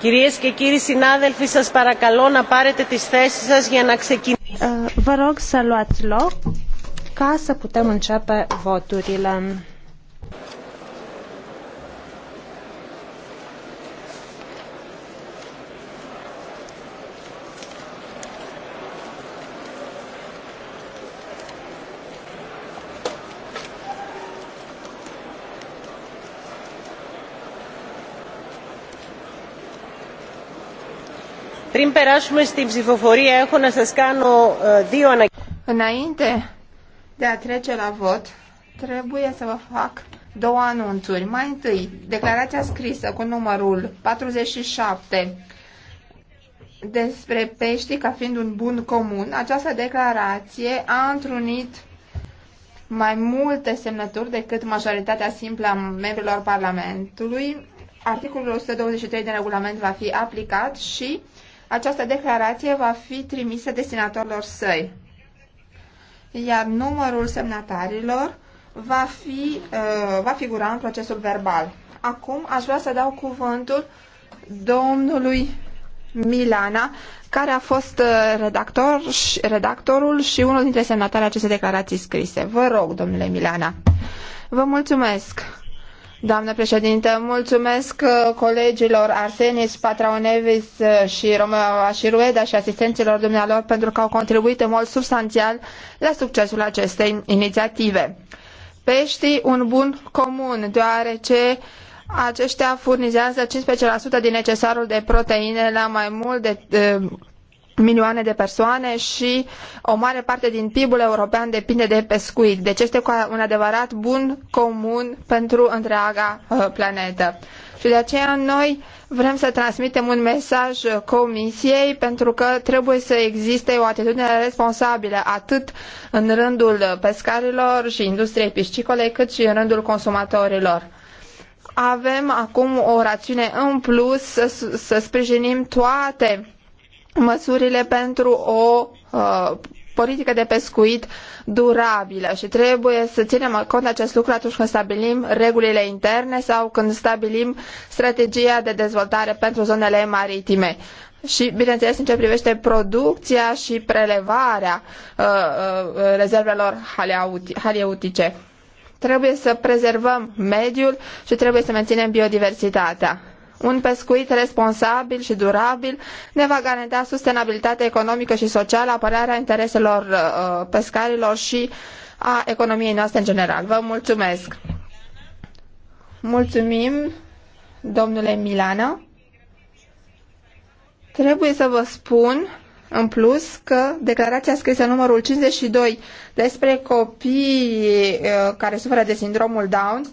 Κυρίες και κύριοι συνάδελφοι, σας παρακαλώ να πάρετε τις θέσεις σας για να ξεκινήσουμε. Vă rog să luați loc ca să putem începe voturile. Înainte de a trece la vot, trebuie să vă fac două anunțuri. Mai întâi, declarația scrisă cu numărul 47 despre pești ca fiind un bun comun, această declarație a întrunit mai multe semnături decât majoritatea simplă a membrilor Parlamentului. Articolul 123 din regulament va fi aplicat și această declarație va fi trimisă destinatorilor săi, iar numărul semnatarilor va, fi, uh, va figura în procesul verbal. Acum aș vrea să dau cuvântul domnului Milana, care a fost uh, redactor, redactorul și unul dintre semnatarii acestei declarații scrise. Vă rog, domnule Milana. Vă mulțumesc. Doamnă președinte, mulțumesc uh, colegilor Arsenis, Patraonevis uh, și Romeo și Rueda și asistenților dumnealor pentru că au contribuit în mod substanțial la succesul acestei inițiative. Peștii un bun comun, deoarece aceștia furnizează 15% din necesarul de proteine la mai mult de uh, milioane de persoane și o mare parte din PIB-ul european depinde de pescuit. Deci este un adevărat bun comun pentru întreaga uh, planetă. Și de aceea noi vrem să transmitem un mesaj Comisiei pentru că trebuie să existe o atitudine responsabilă atât în rândul pescarilor și industriei piscicole, cât și în rândul consumatorilor avem acum o rațiune în plus să, să sprijinim toate măsurile pentru o uh, politică de pescuit durabilă și trebuie să ținem cont de acest lucru atunci când stabilim regulile interne sau când stabilim strategia de dezvoltare pentru zonele maritime. Și, bineînțeles, în ce privește producția și prelevarea uh, uh, rezervelor haleutice. Trebuie să prezervăm mediul și trebuie să menținem biodiversitatea. Un pescuit responsabil și durabil ne va garanta sustenabilitatea economică și socială, apărarea intereselor uh, pescarilor și a economiei noastre în general. Vă mulțumesc! Mulțumim, domnule Milana. Trebuie să vă spun în plus că declarația scrisă numărul 52 despre copii uh, care suferă de sindromul Down